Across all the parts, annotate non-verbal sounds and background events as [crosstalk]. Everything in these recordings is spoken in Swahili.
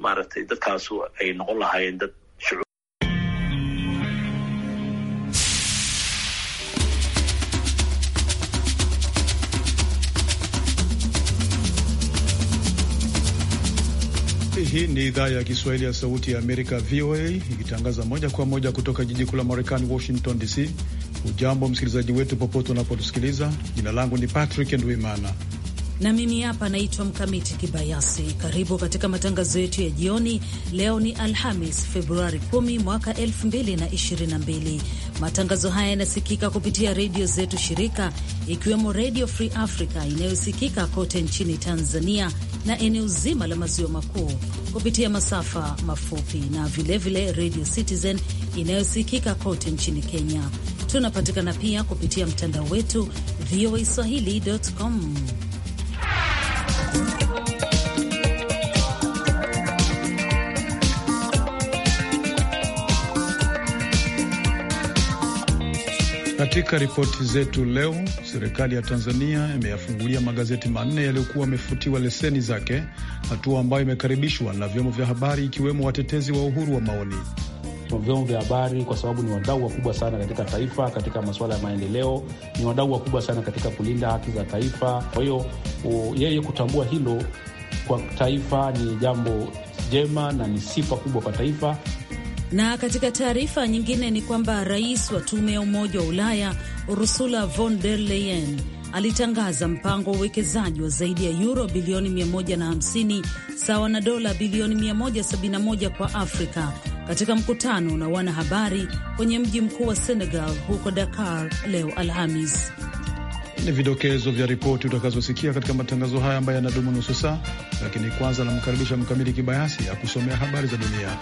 maaragtay dadkaas ay noqon lahaayeen dad Hii ni idhaa ya Kiswahili ya Sauti ya Amerika, VOA, ikitangaza moja kwa moja kutoka jiji kuu la Marekani, Washington DC. Ujambo msikilizaji wetu, popote unapotusikiliza. Jina langu ni Patrick Ndwimana na mimi hapa naitwa Mkamiti Kibayasi. Karibu katika matangazo yetu ya jioni. Leo ni Alhamis, Februari 10 mwaka 2022. Matangazo haya yanasikika kupitia redio zetu shirika, ikiwemo Redio Free Africa inayosikika kote nchini Tanzania na eneo zima la maziwa makuu kupitia masafa mafupi, na vilevile Redio Citizen inayosikika kote nchini Kenya. Tunapatikana pia kupitia mtandao wetu voa swahili.com. Katika ripoti zetu leo, serikali ya Tanzania imeyafungulia magazeti manne yaliyokuwa yamefutiwa leseni zake, hatua ambayo imekaribishwa na vyombo vya habari ikiwemo watetezi wa uhuru wa maoni vyombo vya habari kwa sababu ni wadau wakubwa sana katika taifa, katika masuala ya maendeleo, ni wadau wakubwa sana katika kulinda haki za taifa. Kwa hiyo yeye kutambua hilo kwa taifa ni jambo jema na ni sifa kubwa kwa taifa. Na katika taarifa nyingine ni kwamba rais wa tume ya Umoja wa Ulaya Ursula von der Leyen alitangaza mpango wa uwekezaji wa zaidi ya yuro bilioni 150 sawa na dola bilioni 171 kwa Afrika katika mkutano na wanahabari kwenye mji mkuu wa Senegal huko Dakar leo Alhamis. Ni vidokezo vya ripoti utakazosikia katika matangazo haya ambayo yanadumu nusu saa, lakini kwanza anamkaribisha Mkamili Kibayasi akusomea habari za dunia.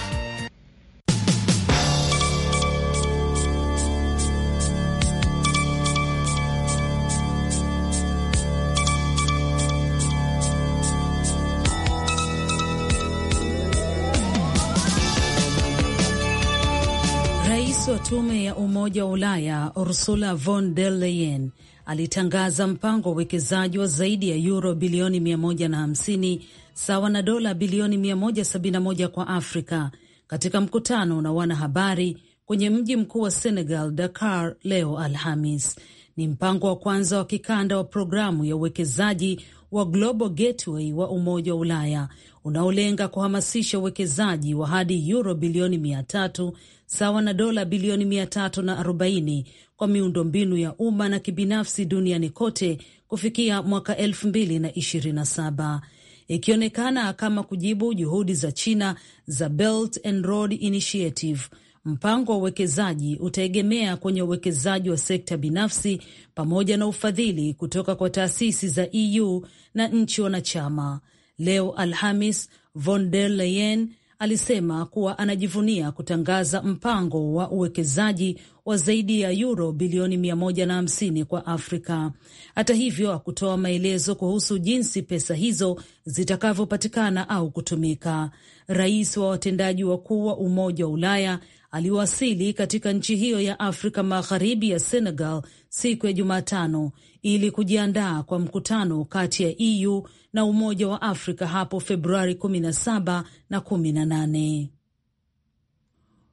Tume ya Umoja wa Ulaya Ursula von der Leyen alitangaza mpango wa uwekezaji wa zaidi ya yuro bilioni 150 sawa na dola bilioni 171 kwa Afrika katika mkutano na wanahabari kwenye mji mkuu wa Senegal, Dakar, leo Alhamis. Ni mpango wa kwanza wa kikanda wa programu ya uwekezaji wa Global Gateway wa Umoja wa Ulaya unaolenga kuhamasisha uwekezaji wa hadi yuro bilioni mia tatu sawa na dola bilioni mia tatu na arobaini kwa miundo mbinu ya umma na kibinafsi duniani kote kufikia mwaka elfu mbili na ishirini na saba ikionekana kama kujibu juhudi za China za Belt and Road Initiative Mpango wa uwekezaji utaegemea kwenye uwekezaji wa sekta binafsi pamoja na ufadhili kutoka kwa taasisi za EU na nchi wanachama. Leo Alhamis, von der Leyen alisema kuwa anajivunia kutangaza mpango wa uwekezaji wa zaidi ya yuro bilioni 150 kwa Afrika. Hata hivyo, hakutoa maelezo kuhusu jinsi pesa hizo zitakavyopatikana au kutumika. Rais wa watendaji wakuu wa Umoja wa Ulaya aliwasili katika nchi hiyo ya Afrika Magharibi ya Senegal siku ya Jumatano ili kujiandaa kwa mkutano kati ya EU na Umoja wa Afrika hapo Februari 17 na 18.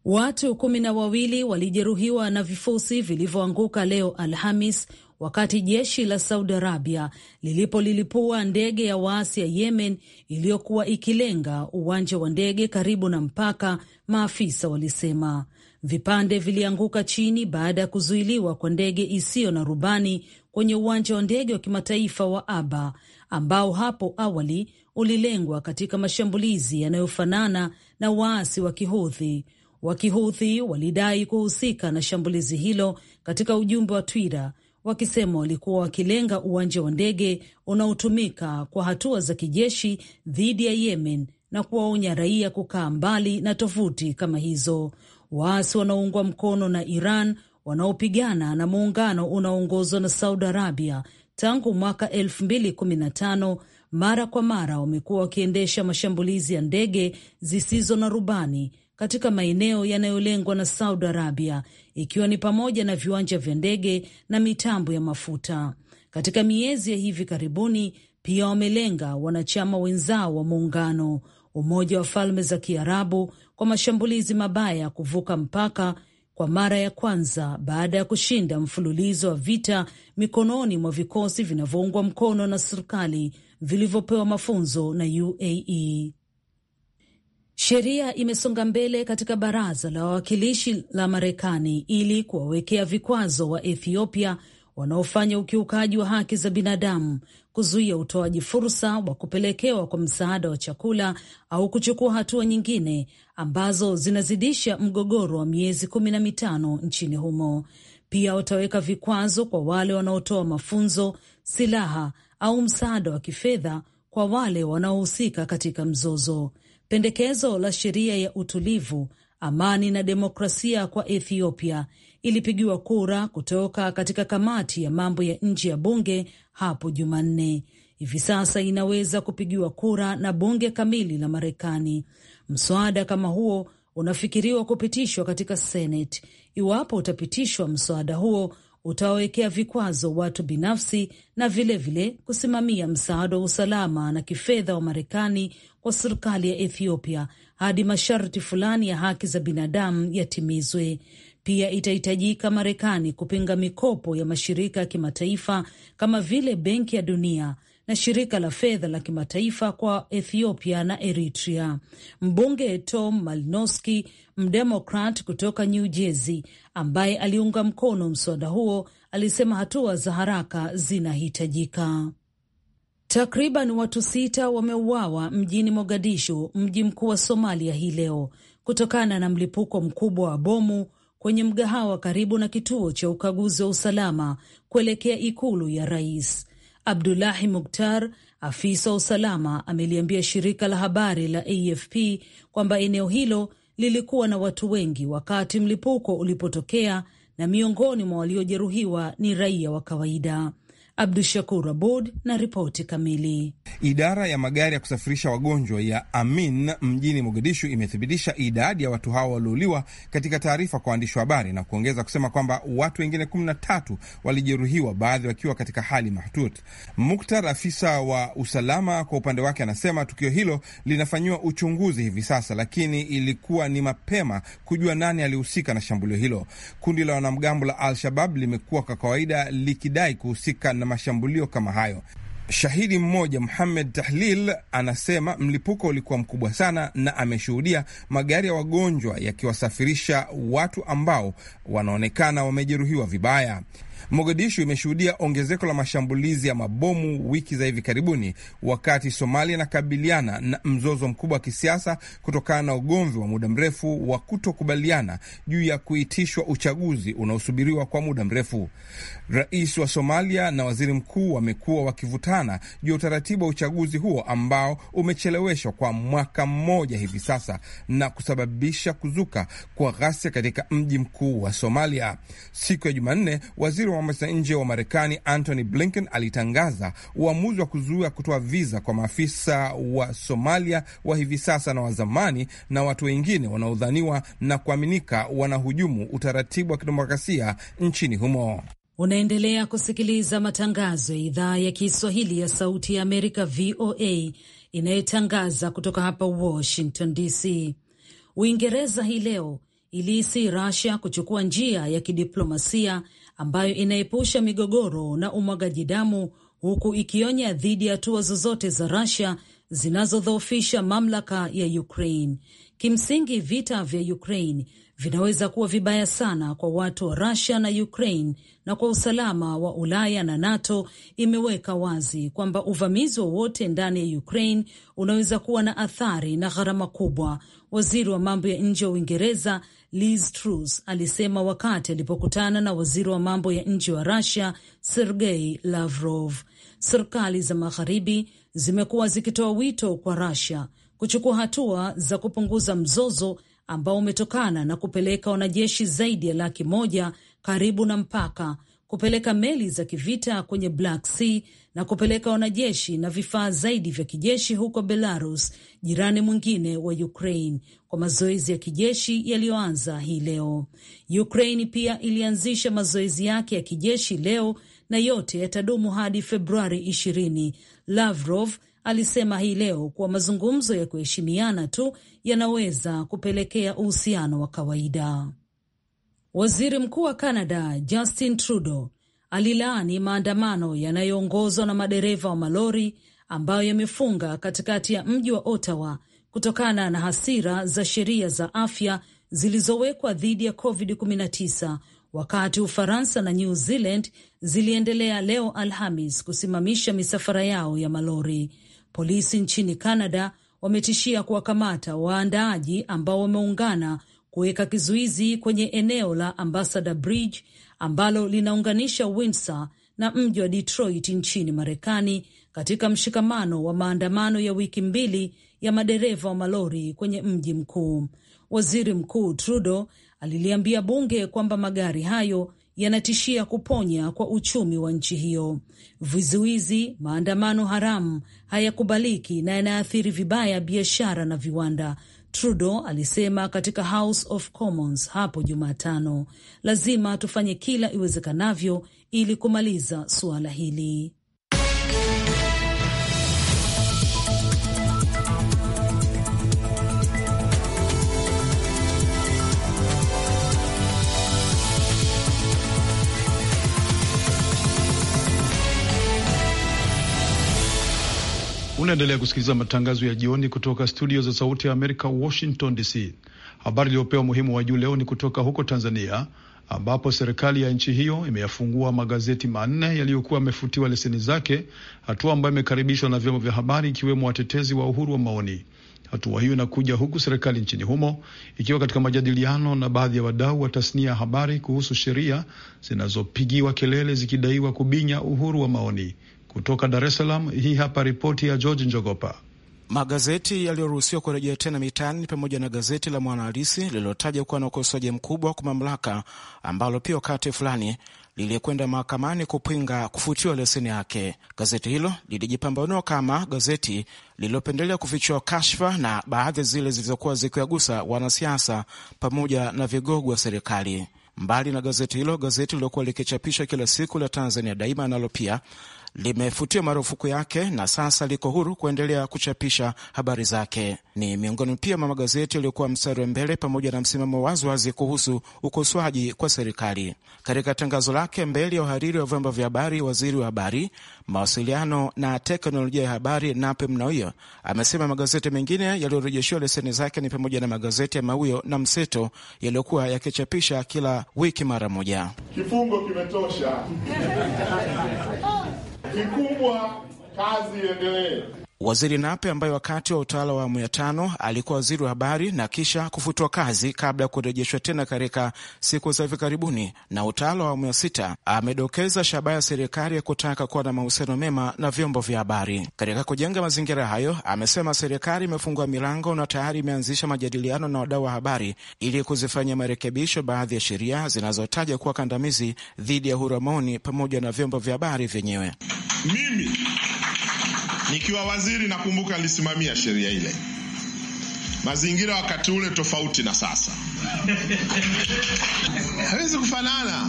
Watu kumi na wawili walijeruhiwa na vifusi vilivyoanguka leo Alhamis wakati jeshi la Saudi Arabia lilipolilipua ndege ya waasi ya Yemen iliyokuwa ikilenga uwanja wa ndege karibu na mpaka, maafisa walisema. Vipande vilianguka chini baada ya kuzuiliwa kwa ndege isiyo na rubani kwenye uwanja wa ndege wa kimataifa wa Aba ambao hapo awali ulilengwa katika mashambulizi yanayofanana na waasi wa Kihudhi. Wakihudhi walidai kuhusika na shambulizi hilo katika ujumbe wa Twitter wakisema walikuwa wakilenga uwanja wa ndege unaotumika kwa hatua za kijeshi dhidi ya Yemen na kuwaonya raia kukaa mbali na tovuti kama hizo. Waasi wanaoungwa mkono na Iran wanaopigana na muungano unaoongozwa na Saudi Arabia tangu mwaka 2015 mara kwa mara wamekuwa wakiendesha mashambulizi ya ndege zisizo na rubani katika maeneo yanayolengwa na Saudi Arabia, ikiwa ni pamoja na viwanja vya ndege na mitambo ya mafuta. Katika miezi ya hivi karibuni, pia wamelenga wanachama wenzao wa muungano, Umoja wa Falme za Kiarabu, kwa mashambulizi mabaya ya kuvuka mpaka kwa mara ya kwanza baada ya kushinda mfululizo wa vita mikononi mwa vikosi vinavyoungwa mkono na serikali vilivyopewa mafunzo na UAE. Sheria imesonga mbele katika baraza la wawakilishi la Marekani ili kuwawekea vikwazo wa Ethiopia wanaofanya ukiukaji wa haki za binadamu, kuzuia utoaji fursa wa kupelekewa kwa msaada wa chakula au kuchukua hatua nyingine ambazo zinazidisha mgogoro wa miezi kumi na mitano nchini humo. Pia wataweka vikwazo kwa wale wanaotoa mafunzo, silaha au msaada wa kifedha kwa wale wanaohusika katika mzozo. Pendekezo la sheria ya utulivu, amani na demokrasia kwa Ethiopia ilipigiwa kura kutoka katika kamati ya mambo ya nje ya bunge hapo Jumanne. Hivi sasa inaweza kupigiwa kura na bunge kamili la Marekani. Mswada kama huo unafikiriwa kupitishwa katika Seneti. Iwapo utapitishwa, mswada huo utawawekea vikwazo watu binafsi na vilevile vile kusimamia msaada wa usalama na kifedha wa Marekani kwa serikali ya Ethiopia hadi masharti fulani ya haki za binadamu yatimizwe. Pia itahitajika Marekani kupinga mikopo ya mashirika ya kimataifa kama vile Benki ya Dunia na shirika la fedha la kimataifa kwa Ethiopia na Eritrea. Mbunge Tom Malinowski, mdemokrat kutoka New Jersey, ambaye aliunga mkono mswada huo, alisema hatua za haraka zinahitajika. Takriban watu sita wameuawa mjini Mogadishu, mji mkuu wa Somalia, hii leo kutokana na mlipuko mkubwa wa bomu kwenye mgahawa karibu na kituo cha ukaguzi wa usalama kuelekea ikulu ya rais. Abdulahi Muktar, afisa wa usalama, ameliambia shirika la habari la AFP kwamba eneo hilo lilikuwa na watu wengi wakati mlipuko ulipotokea na miongoni mwa waliojeruhiwa ni raia wa kawaida. Abdu Shakur Abud na ripoti kamili. Idara ya magari ya kusafirisha wagonjwa ya Amin mjini Mogadishu imethibitisha idadi ya watu hao waliouliwa katika taarifa kwa waandishi wa habari na kuongeza kusema kwamba watu wengine 13 walijeruhiwa, baadhi wakiwa katika hali mahututi. Muktar, afisa wa usalama, kwa upande wake anasema tukio hilo linafanyiwa uchunguzi hivi sasa, lakini ilikuwa ni mapema kujua nani alihusika na shambulio hilo. Kundi la wanamgambo la Al-Shabab limekuwa kwa kawaida likidai kuhusika na mashambulio kama hayo. Shahidi mmoja Muhamed Tahlil anasema mlipuko ulikuwa mkubwa sana, na ameshuhudia magari ya wagonjwa yakiwasafirisha watu ambao wanaonekana wamejeruhiwa vibaya. Mogadishu imeshuhudia ongezeko la mashambulizi ya mabomu wiki za hivi karibuni, wakati Somalia inakabiliana na mzozo mkubwa wa kisiasa kutokana na ugomvi wa muda mrefu wa kutokubaliana juu ya kuitishwa uchaguzi unaosubiriwa kwa muda mrefu. Rais wa Somalia na waziri mkuu wamekuwa wakivutana juu ya utaratibu wa uchaguzi huo ambao umecheleweshwa kwa mwaka mmoja hivi sasa na kusababisha kuzuka kwa ghasia katika mji mkuu wa Somalia siku ya Jumanne. Waziri wa mambo ya nje wa Marekani Antony Blinken alitangaza uamuzi wa kuzuia kutoa viza kwa maafisa wa Somalia wa hivi sasa na wa zamani na watu wengine wanaodhaniwa na kuaminika wanahujumu utaratibu wa kidemokrasia nchini humo. Unaendelea kusikiliza matangazo ya idhaa ya Kiswahili ya Sauti ya Amerika, VOA, inayotangaza kutoka hapa Washington DC. Uingereza hii leo iliisi Russia kuchukua njia ya kidiplomasia ambayo inaepusha migogoro na umwagaji damu huku ikionya dhidi ya hatua zozote za Russia zinazodhoofisha mamlaka ya Ukraine. Kimsingi, vita vya Ukraine vinaweza kuwa vibaya sana kwa watu wa Rusia na Ukraine na kwa usalama wa Ulaya na NATO imeweka wazi kwamba uvamizi wowote ndani ya Ukraine unaweza kuwa na athari na gharama kubwa. Waziri wa mambo ya nje wa Uingereza Liz Truss alisema wakati alipokutana na waziri wa mambo ya nje wa Rusia Sergei Lavrov. Serikali za magharibi zimekuwa zikitoa wito kwa rasia kuchukua hatua za kupunguza mzozo ambao umetokana na kupeleka wanajeshi zaidi ya laki moja karibu na mpaka, kupeleka meli za kivita kwenye Black Sea na kupeleka wanajeshi na vifaa zaidi vya kijeshi huko Belarus, jirani mwingine wa Ukraine, kwa mazoezi ya kijeshi yaliyoanza hii leo. Ukraine pia ilianzisha mazoezi yake ya kijeshi leo na yote yatadumu hadi Februari ishirini. Lavrov alisema hii leo kuwa mazungumzo ya kuheshimiana tu yanaweza kupelekea uhusiano wa kawaida. Waziri Mkuu wa Canada Justin Trudeau alilaani maandamano yanayoongozwa na madereva wa malori ambayo yamefunga katikati ya mji wa Ottawa kutokana na hasira za sheria za afya zilizowekwa dhidi ya COVID-19 wakati Ufaransa na New Zealand ziliendelea leo Alhamis kusimamisha misafara yao ya malori. Polisi nchini Canada wametishia kuwakamata waandaaji ambao wameungana kuweka kizuizi kwenye eneo la Ambassador Bridge ambalo linaunganisha Windsor na mji wa Detroit nchini Marekani katika mshikamano wa maandamano ya wiki mbili ya madereva wa malori kwenye mji mkuu. Waziri Mkuu Trudeau aliliambia bunge kwamba magari hayo yanatishia kuponya kwa uchumi wa nchi hiyo. Vizuizi, maandamano haramu hayakubaliki na yanaathiri vibaya biashara na viwanda, Trudeau alisema katika House of Commons hapo Jumatano. Lazima tufanye kila iwezekanavyo ili kumaliza suala hili. Unaendelea kusikiliza matangazo ya jioni kutoka studio za Sauti ya Amerika, Washington DC. Habari iliyopewa umuhimu wa juu leo ni kutoka huko Tanzania, ambapo serikali ya nchi hiyo imeyafungua magazeti manne yaliyokuwa yamefutiwa leseni zake, hatua ambayo imekaribishwa na vyombo vya habari ikiwemo watetezi wa uhuru wa maoni. Hatua hiyo inakuja huku serikali nchini humo ikiwa katika majadiliano na baadhi ya wadau wa tasnia ya habari kuhusu sheria zinazopigiwa kelele zikidaiwa kubinya uhuru wa maoni. Kutoka Dar es Salaam, hii hapa ripoti ya George Njogopa. Magazeti yaliyoruhusiwa kurejea tena mitaani ni pamoja na gazeti la Mwanahalisi lililotaja kuwa na ukosoaji mkubwa kwa mamlaka, ambalo pia wakati fulani liliyekwenda mahakamani kupinga kufutiwa leseni yake. Gazeti hilo lilijipambanua kama gazeti lililopendelea kufichua kashfa na baadhi zile zilizokuwa zikiwagusa wanasiasa pamoja na vigogo wa serikali. Mbali na gazeti hilo, gazeti lililokuwa likichapishwa kila siku la Tanzania Daima nalo pia limefutia marufuku yake na sasa liko huru kuendelea kuchapisha habari zake. Ni miongoni pia mwa magazeti yaliyokuwa mstari wa mbele pamoja na msimamo waziwazi kuhusu ukosoaji kwa serikali. Katika tangazo lake mbele ya uhariri wa vyombo vya habari, waziri wa habari, mawasiliano na teknolojia ya habari Nape Nnauye amesema magazeti mengine yaliyorejeshiwa leseni zake ni pamoja na magazeti ya Mawio na Mseto yaliyokuwa yakichapisha kila wiki mara moja. Kifungo kimetosha. [laughs] Kikubwa kazi iendelee. Waziri Nape ambaye wakati wa utawala wa awamu ya tano alikuwa waziri wa habari na kisha kufutwa kazi kabla ya kurejeshwa tena katika siku za hivi karibuni na utawala wa awamu ya sita, amedokeza shabaha ya serikali ya kutaka kuwa na mahusiano mema na vyombo vya habari. Katika kujenga mazingira hayo, amesema serikali imefungua milango na tayari imeanzisha majadiliano na wadau wa habari ili kuzifanya marekebisho baadhi ya sheria zinazotaja kuwa kandamizi dhidi ya uhuru wa maoni pamoja na vyombo vya habari vyenyewe. Mimi Nikiwa waziri nakumbuka nilisimamia sheria ile. Mazingira wakati ule tofauti na sasa, hawezi kufanana.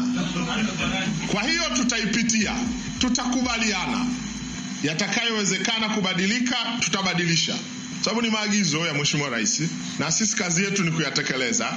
Kwa hiyo tutaipitia, tutakubaliana, yatakayowezekana kubadilika tutabadilisha sababu ni maagizo ya Mheshimiwa Rais na sisi kazi yetu ni kuyatekeleza,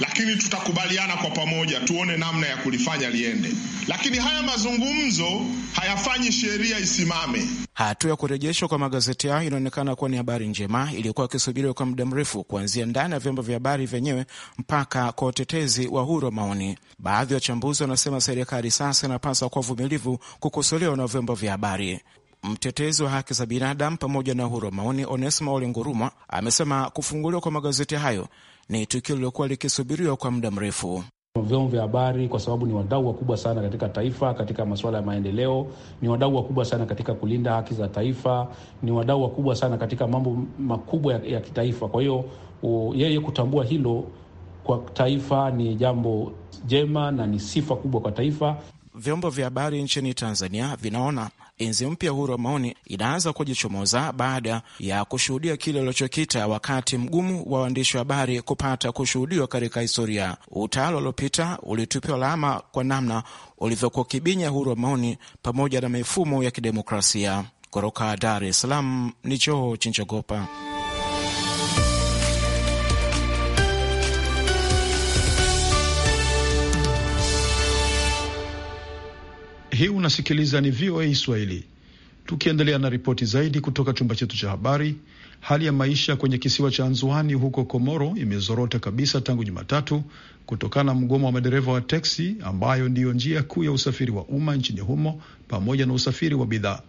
lakini tutakubaliana kwa pamoja, tuone namna ya kulifanya liende, lakini haya mazungumzo hayafanyi sheria isimame. Hatua ya kurejeshwa kwa magazeti hayo inaonekana kuwa ni habari njema iliyokuwa ikisubiriwa kwa muda mrefu, kuanzia ndani ya vyombo vya habari vyenyewe mpaka kwa utetezi wa huru wa maoni. Baadhi ya wachambuzi wanasema serikali sasa inapaswa kuwa vumilivu kukosolewa na vyombo vya habari. Mtetezi wa haki za binadamu pamoja na uhuru wa maoni Onesmo Ole Nguruma amesema kufunguliwa kwa magazeti hayo ni tukio lililokuwa likisubiriwa kwa muda mrefu. Vyombo vya habari kwa sababu ni wadau wakubwa sana katika taifa, katika masuala ya maendeleo, ni wadau wakubwa sana katika kulinda haki za taifa, ni wadau wakubwa sana katika mambo makubwa ya, ya kitaifa. Kwa hiyo yeye kutambua hilo kwa taifa ni jambo jema na ni sifa kubwa kwa taifa. Vyombo vya habari nchini Tanzania vinaona enzi mpya huru wa maoni inaanza kujichomoza baada ya kushuhudia kile alichokita wakati mgumu wa waandishi wa habari kupata kushuhudiwa katika historia. Utawala uliopita ulitupiwa lawama kwa namna ulivyokuwa kibinya huru wa maoni pamoja na mifumo ya kidemokrasia. Kutoka Dar es Salaam ni Choo Chinchogopa. Hii unasikiliza ni VOA Swahili. Tukiendelea na ripoti zaidi kutoka chumba chetu cha habari, hali ya maisha kwenye kisiwa cha Anzuani huko Komoro imezorota kabisa tangu Jumatatu kutokana na mgomo wa madereva wa teksi, ambayo ndiyo njia kuu ya usafiri wa umma nchini humo pamoja na usafiri wa bidhaa.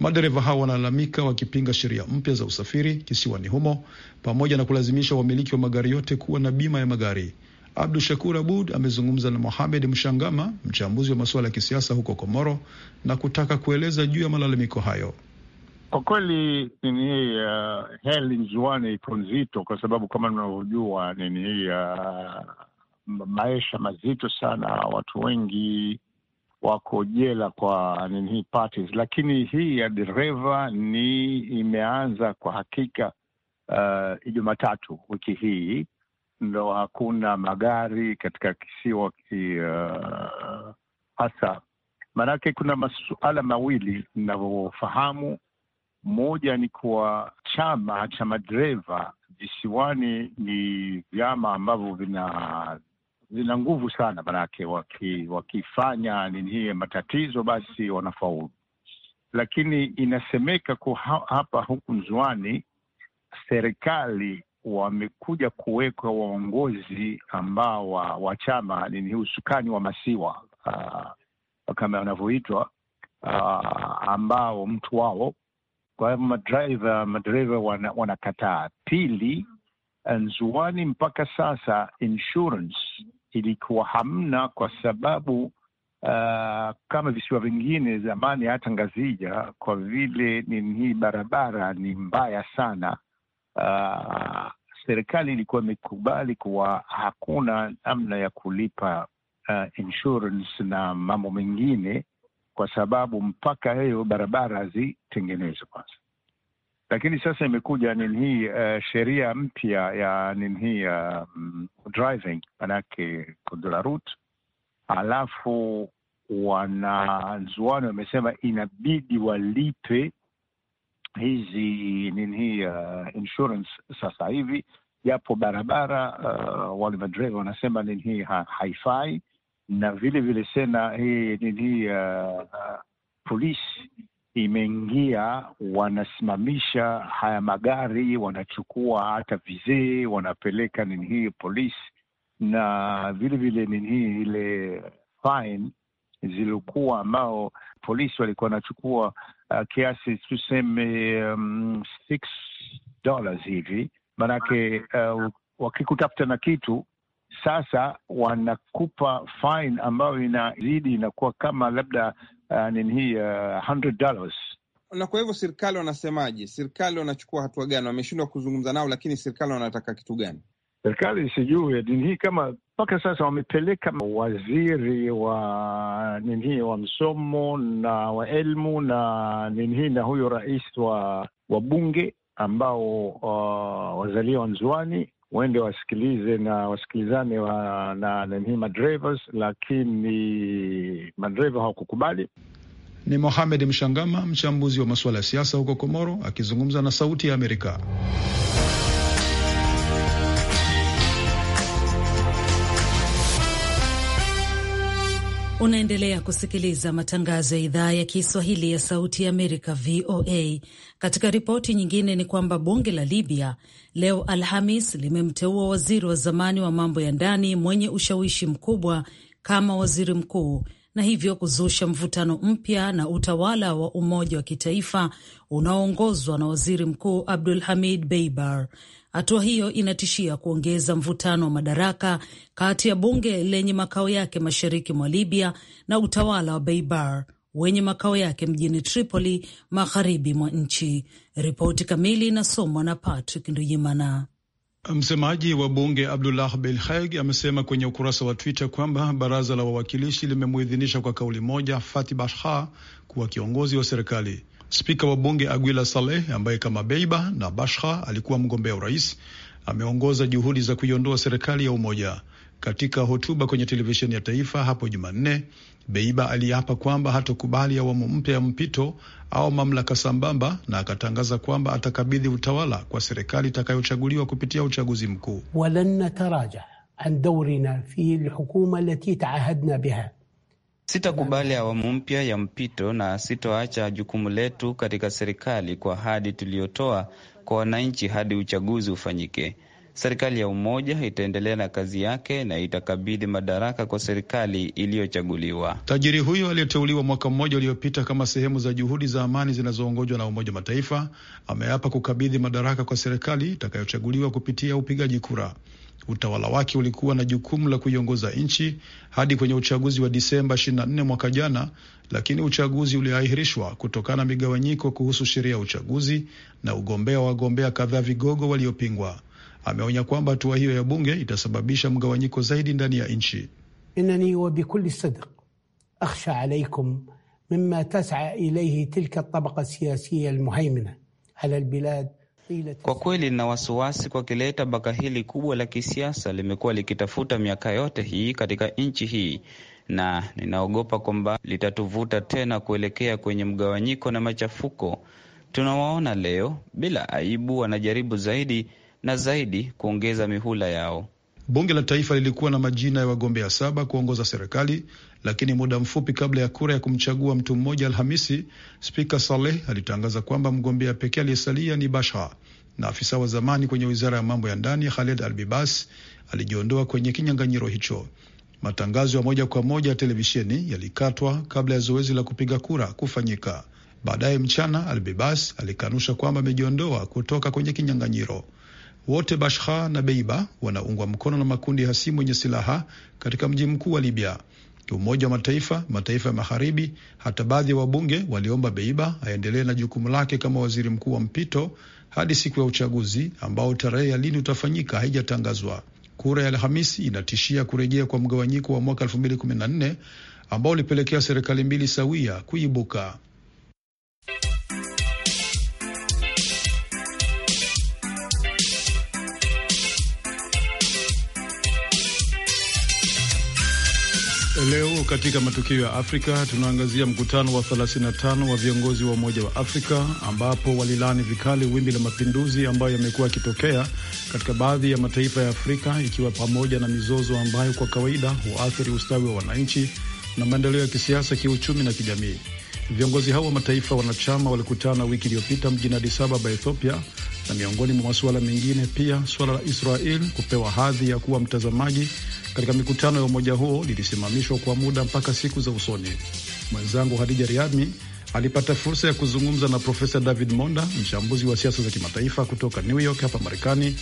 Madereva hao wanalalamika wakipinga sheria mpya za usafiri kisiwani humo pamoja na kulazimisha wamiliki wa magari yote kuwa na bima ya magari. Abdu Shakur Abud amezungumza na Mohamed Mshangama, mchambuzi wa masuala ya kisiasa huko Komoro, na kutaka kueleza juu ya malalamiko hayo. Kwa kweli nini hii uh, hali njuani iko nzito, kwa sababu kama mnavyojua nini hii uh, maisha mazito sana, watu wengi wako jela kwa nini hii parties, lakini hii ya dereva ni imeanza kwa hakika uh, Jumatatu wiki hii ndo hakuna magari katika kisiwa ki, uh, hasa maanake kuna masuala mawili inavyofahamu Moja ni kuwa chama cha madereva visiwani ni vyama ambavyo vina vina nguvu sana, manake waki, wakifanya nini hiye matatizo basi wanafaulu. Lakini inasemeka kuwa hapa huku Nzwani serikali wamekuja kuwekwa waongozi ambao wa, wa chama nini usukani wa masiwa uh, kama wanavyoitwa uh, ambao mtu wao kwa hiyo madriva madriva wanakataa. Wana pili, Nzuani mpaka sasa insurance ilikuwa hamna, kwa sababu uh, kama visiwa vingine zamani, hata Ngazija, kwa vile ni hii barabara ni mbaya sana uh, serikali ilikuwa imekubali kuwa hakuna namna ya kulipa uh, insurance na mambo mengine, kwa sababu mpaka hiyo barabara hazitengenezwe kwanza. Lakini sasa imekuja nini hii uh, sheria mpya ya nini hii uh, driving manake code route, alafu wanazuani wamesema inabidi walipe hizi nini hii uh, insurance sasa hivi, japo barabara uh, wale madereva wanasema nini hii ha, haifai na vile vile sena hii nini hii uh, uh, polisi imeingia, wanasimamisha haya magari, wanachukua hata vizee, wanapeleka nini hii polisi, na vile vile nini hii ile fine zilikuwa ambao polisi walikuwa wanachukua kiasi tuseme, um, six dollars hivi, manake uh, wakikutafuta na kitu sasa wanakupa fine ambayo inazidi inakuwa kama labda uh, nini hii uh, dollars. Na kwa hivyo serikali wanasemaje? Serikali wanachukua hatua gani? Wameshindwa kuzungumza nao, lakini serikali wanataka kitu gani? serikali sijui ya dini hii kama mpaka sasa wamepeleka waziri wa nini hii wa msomo na wa elmu na nini hii na huyo rais wa wa bunge ambao uh, wazalia wa nzwani waende wasikilize na wasikilizane wa, na nini madrivers, lakini madreva hawakukubali. Ni Mohamed Mshangama, mchambuzi wa masuala ya siasa huko Komoro, akizungumza na Sauti ya Amerika. Unaendelea kusikiliza matangazo ya idhaa ya Kiswahili ya Sauti ya Amerika, VOA. Katika ripoti nyingine ni kwamba bunge la Libya leo Alhamis limemteua waziri wa zamani wa mambo ya ndani mwenye ushawishi mkubwa kama waziri mkuu na hivyo kuzusha mvutano mpya na utawala wa umoja wa kitaifa unaoongozwa na waziri mkuu Abdul Hamid Beibar. Hatua hiyo inatishia kuongeza mvutano wa madaraka kati ya bunge lenye makao yake mashariki mwa Libya na utawala wa Beibar wenye makao yake mjini Tripoli, magharibi mwa nchi. Ripoti kamili inasomwa na Patrick Nduyimana. Msemaji wa bunge Abdullah Belhaig amesema kwenye ukurasa wa Twitter kwamba baraza la wawakilishi limemuidhinisha kwa kauli moja Fati Bashha kuwa kiongozi wa serikali. Spika wa bunge Aguila Saleh ambaye kama Beiba na Bashha alikuwa mgombea urais ameongoza juhudi za kuiondoa serikali ya umoja. Katika hotuba kwenye televisheni ya taifa hapo Jumanne, Beiba aliapa kwamba hatokubali awamu mpya ya mpito au mamlaka sambamba, na akatangaza kwamba atakabidhi utawala kwa serikali itakayochaguliwa kupitia uchaguzi mkuu. walan nataraja an daurina fi lhukuma lati taahadna biha Sitakubali awamu mpya ya mpito na sitoacha jukumu letu katika serikali kwa ahadi tuliyotoa kwa wananchi hadi uchaguzi ufanyike. Serikali ya umoja itaendelea na kazi yake na itakabidhi madaraka kwa serikali iliyochaguliwa. Tajiri huyo aliyeteuliwa mwaka mmoja uliopita kama sehemu za juhudi za amani zinazoongozwa na Umoja Mataifa ameapa kukabidhi madaraka kwa serikali itakayochaguliwa kupitia upigaji kura. Utawala wake ulikuwa na jukumu la kuiongoza nchi hadi kwenye uchaguzi wa Disemba 24 mwaka jana, lakini uchaguzi uliahirishwa kutokana na migawanyiko kuhusu sheria ya uchaguzi na ugombea wa wagombea kadhaa vigogo waliopingwa. Ameonya kwamba hatua hiyo ya bunge itasababisha mgawanyiko zaidi ndani ya nchi. Inani wa bikulli sadq akhsha alaykum mimma tas'a ilayhi tilka tabaka siyasiyya al ala al kwa kweli nina wasiwasi kwa kile tabaka hili kubwa la kisiasa limekuwa likitafuta miaka yote hii katika nchi hii, na ninaogopa kwamba litatuvuta tena kuelekea kwenye mgawanyiko na machafuko. Tunawaona leo, bila aibu, wanajaribu zaidi na zaidi kuongeza mihula yao. Bunge la Taifa lilikuwa na majina ya wagombea saba kuongoza serikali lakini muda mfupi kabla ya kura ya kumchagua mtu mmoja Alhamisi, spika Saleh alitangaza kwamba mgombea pekee aliyesalia ni Basha, na afisa wa zamani kwenye wizara ya mambo ya ndani Khaled Albibas alijiondoa kwenye kinyang'anyiro hicho. Matangazo ya moja kwa moja ya televisheni yalikatwa kabla ya zoezi la kupiga kura kufanyika. Baadaye mchana, Albibas alikanusha kwamba amejiondoa kutoka kwenye kinyang'anyiro. Wote Bashha na Beiba wanaungwa mkono na makundi hasimu yenye silaha katika mji mkuu wa Libya. Umoja wa Mataifa, mataifa ya Magharibi, hata baadhi ya wabunge waliomba Beiba aendelee na jukumu lake kama waziri mkuu wa mpito hadi siku ya uchaguzi ambao tarehe ya lini utafanyika haijatangazwa. Kura ya Alhamisi inatishia kurejea kwa mgawanyiko wa mwaka 2014 ambao ulipelekea serikali mbili sawia kuibuka. Leo katika matukio ya Afrika tunaangazia mkutano wa 35 wa viongozi wa Umoja wa Afrika ambapo walilaani vikali wimbi la mapinduzi ambayo yamekuwa yakitokea katika baadhi ya mataifa ya Afrika ikiwa pamoja na mizozo ambayo kwa kawaida huathiri ustawi wa wananchi na maendeleo ya kisiasa, kiuchumi na kijamii. Viongozi hao wa mataifa wanachama walikutana wiki iliyopita mjini Addis Ababa, Ethiopia, na miongoni mwa masuala mengine pia suala la Israel kupewa hadhi ya kuwa mtazamaji katika mikutano ya umoja huo lilisimamishwa kwa muda mpaka siku za usoni. Mwenzangu Hadija Riami alipata fursa ya kuzungumza na Profesa David Monda, mchambuzi wa siasa za kimataifa kutoka New York hapa Marekani,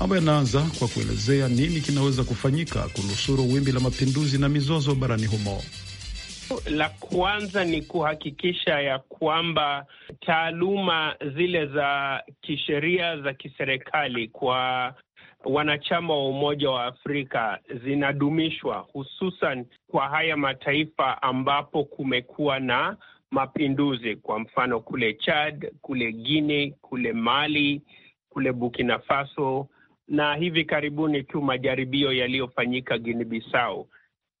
ambaye anaanza kwa kuelezea nini kinaweza kufanyika kunusuru wimbi la mapinduzi na mizozo barani humo. La kwanza ni kuhakikisha ya kwamba taaluma zile za kisheria za kiserikali kwa wanachama wa Umoja wa Afrika zinadumishwa, hususan kwa haya mataifa ambapo kumekuwa na mapinduzi, kwa mfano kule Chad, kule Guinea, kule Mali, kule Burkina Faso na hivi karibuni tu majaribio yaliyofanyika Guinea Bissau.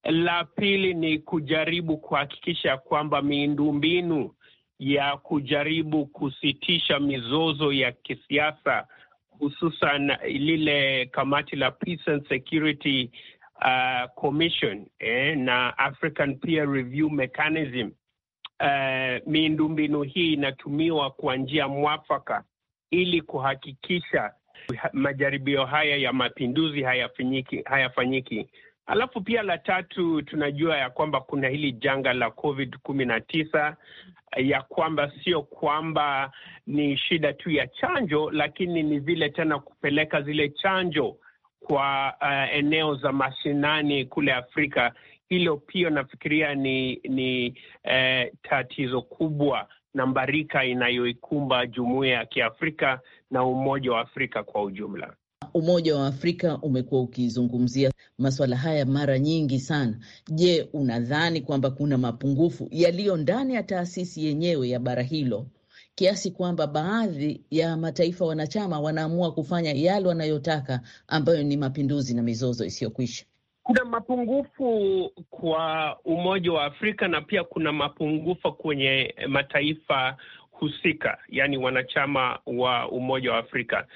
La pili ni kujaribu kuhakikisha kwamba miundombinu ya kujaribu kusitisha mizozo ya kisiasa hususan lile kamati la Peace and Security uh, Commission eh, na African Peer Review Mechanism. Uh, miundombinu hii inatumiwa kwa njia mwafaka ili kuhakikisha majaribio haya ya mapinduzi hayafanyiki Alafu pia la tatu, tunajua ya kwamba kuna hili janga la COVID kumi na tisa, ya kwamba sio kwamba ni shida tu ya chanjo, lakini ni vile tena kupeleka zile chanjo kwa uh, eneo za mashinani kule Afrika. Hilo pia nafikiria ni, ni eh, tatizo kubwa na mbarika inayoikumba jumuiya ya Kiafrika na Umoja wa Afrika kwa ujumla. Umoja wa Afrika umekuwa ukizungumzia masuala haya mara nyingi sana. Je, unadhani kwamba kuna mapungufu yaliyo ndani ya taasisi yenyewe ya bara hilo kiasi kwamba baadhi ya mataifa wanachama wanaamua kufanya yale wanayotaka ambayo ni mapinduzi na mizozo isiyokwisha? Kuna mapungufu kwa Umoja wa Afrika na pia kuna mapungufu kwenye mataifa husika, yaani wanachama wa Umoja wa Afrika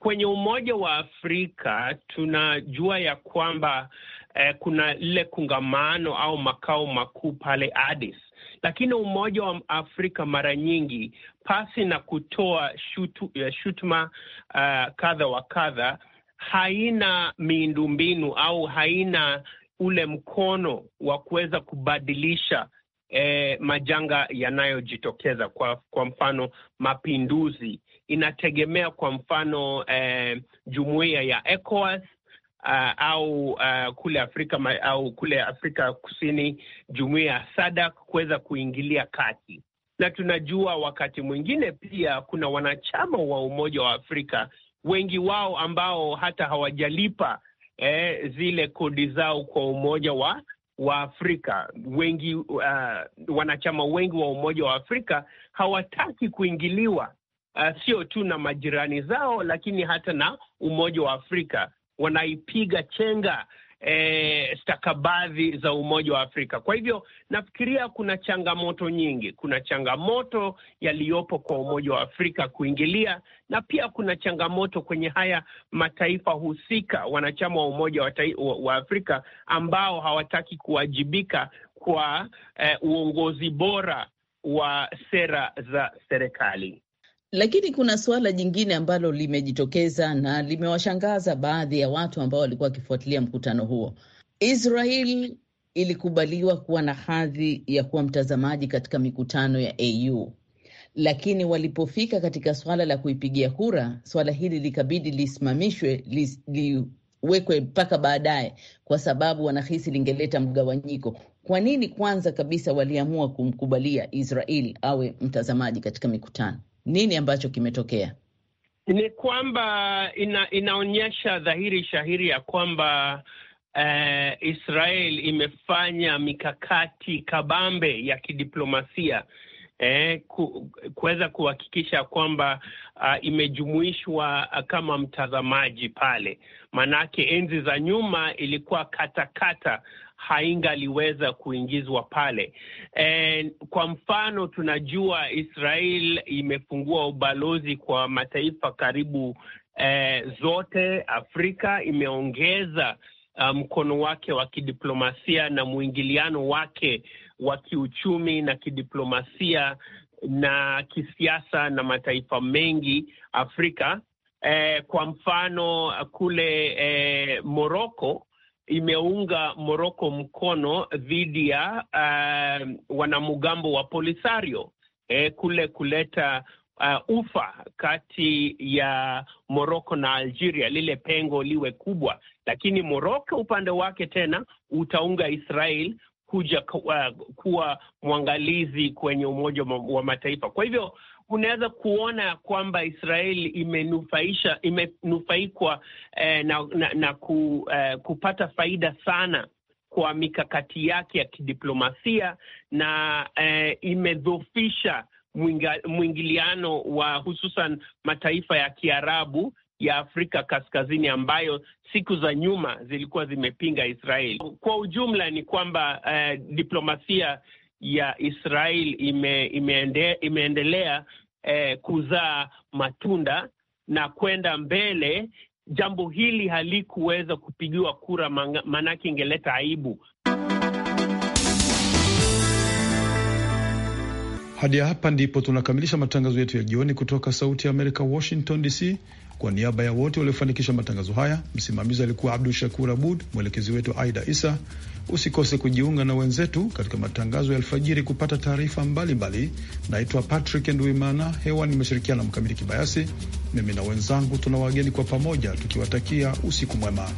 kwenye Umoja wa Afrika tunajua ya kwamba eh, kuna lile kungamano au makao makuu pale Addis, lakini Umoja wa Afrika mara nyingi pasi na kutoa shutu, eh, shutuma uh, kadha wa kadha haina miundombinu au haina ule mkono wa kuweza kubadilisha e, majanga yanayojitokeza kwa, kwa mfano mapinduzi inategemea kwa mfano e, jumuiya ya ECOWAS Uh, au uh, kule Afrika ma, au kule Afrika Kusini jumuiya ya SADC kuweza kuingilia kati, na tunajua wakati mwingine pia kuna wanachama wa Umoja wa Afrika wengi wao ambao hata hawajalipa eh, zile kodi zao kwa Umoja wa wa Afrika wengi, uh, wanachama wengi wa Umoja wa Afrika hawataki kuingiliwa uh, sio tu na majirani zao, lakini hata na Umoja wa Afrika wanaipiga chenga e, stakabadhi za Umoja wa Afrika. Kwa hivyo nafikiria kuna changamoto nyingi, kuna changamoto yaliyopo kwa Umoja wa Afrika kuingilia, na pia kuna changamoto kwenye haya mataifa husika wanachama wa Umoja wa, wa, wa Afrika ambao hawataki kuwajibika kwa e, uongozi bora wa sera za serikali. Lakini kuna suala jingine ambalo limejitokeza na limewashangaza baadhi ya watu ambao walikuwa wakifuatilia mkutano huo. Israel ilikubaliwa kuwa na hadhi ya kuwa mtazamaji katika mikutano ya AU, lakini walipofika katika swala la kuipigia kura, swala hili likabidi lisimamishwe, liwekwe mpaka baadaye, kwa sababu wanahisi lingeleta mgawanyiko. Kwa nini kwanza kabisa waliamua kumkubalia Israel awe mtazamaji katika mikutano? Nini ambacho kimetokea? Ni kwamba ina, inaonyesha dhahiri shahiri ya kwamba eh, Israel imefanya mikakati kabambe ya kidiplomasia eh, kuweza kuhakikisha kwamba uh, imejumuishwa kama mtazamaji pale, maanake enzi za nyuma ilikuwa katakata kata haingaliweza kuingizwa pale. And kwa mfano tunajua Israel imefungua ubalozi kwa mataifa karibu eh, zote Afrika, imeongeza eh, mkono um, wake wa kidiplomasia na mwingiliano wake wa kiuchumi na kidiplomasia na kisiasa na mataifa mengi Afrika. Eh, kwa mfano kule eh, Morocco imeunga Moroko mkono dhidi ya uh, wanamgambo wa Polisario eh, kule kuleta uh, ufa kati ya Moroko na Algeria, lile pengo liwe kubwa. Lakini Moroko upande wake tena utaunga Israel kuja uh, kuwa mwangalizi kwenye Umoja wa Mataifa. Kwa hivyo unaweza kuona kwamba Israeli imenufaisha imenufaikwa eh, na, na, na ku, eh, kupata faida sana kwa mikakati yake ya kidiplomasia na eh, imedhofisha mwingiliano wa hususan mataifa ya Kiarabu ya Afrika Kaskazini ambayo siku za nyuma zilikuwa zimepinga Israel. Kwa ujumla ni kwamba uh, diplomasia ya Israel ime, imeende, imeendelea uh, kuzaa matunda na kwenda mbele. Jambo hili halikuweza kupigiwa kura, maanake ingeleta aibu. Hadi hapa ndipo tunakamilisha matangazo yetu ya jioni kutoka Sauti ya Amerika, Washington DC. Kwa niaba ya wote waliofanikisha matangazo haya, msimamizi alikuwa Abdu Shakur Abud, mwelekezi wetu Aida Isa. Usikose kujiunga na wenzetu katika matangazo ya alfajiri kupata taarifa mbalimbali. Naitwa Patrick Nduimana, hewa nimeshirikiana na Mkamiti Kibayasi. Mimi na wenzangu tuna wageni kwa pamoja, tukiwatakia usiku mwema.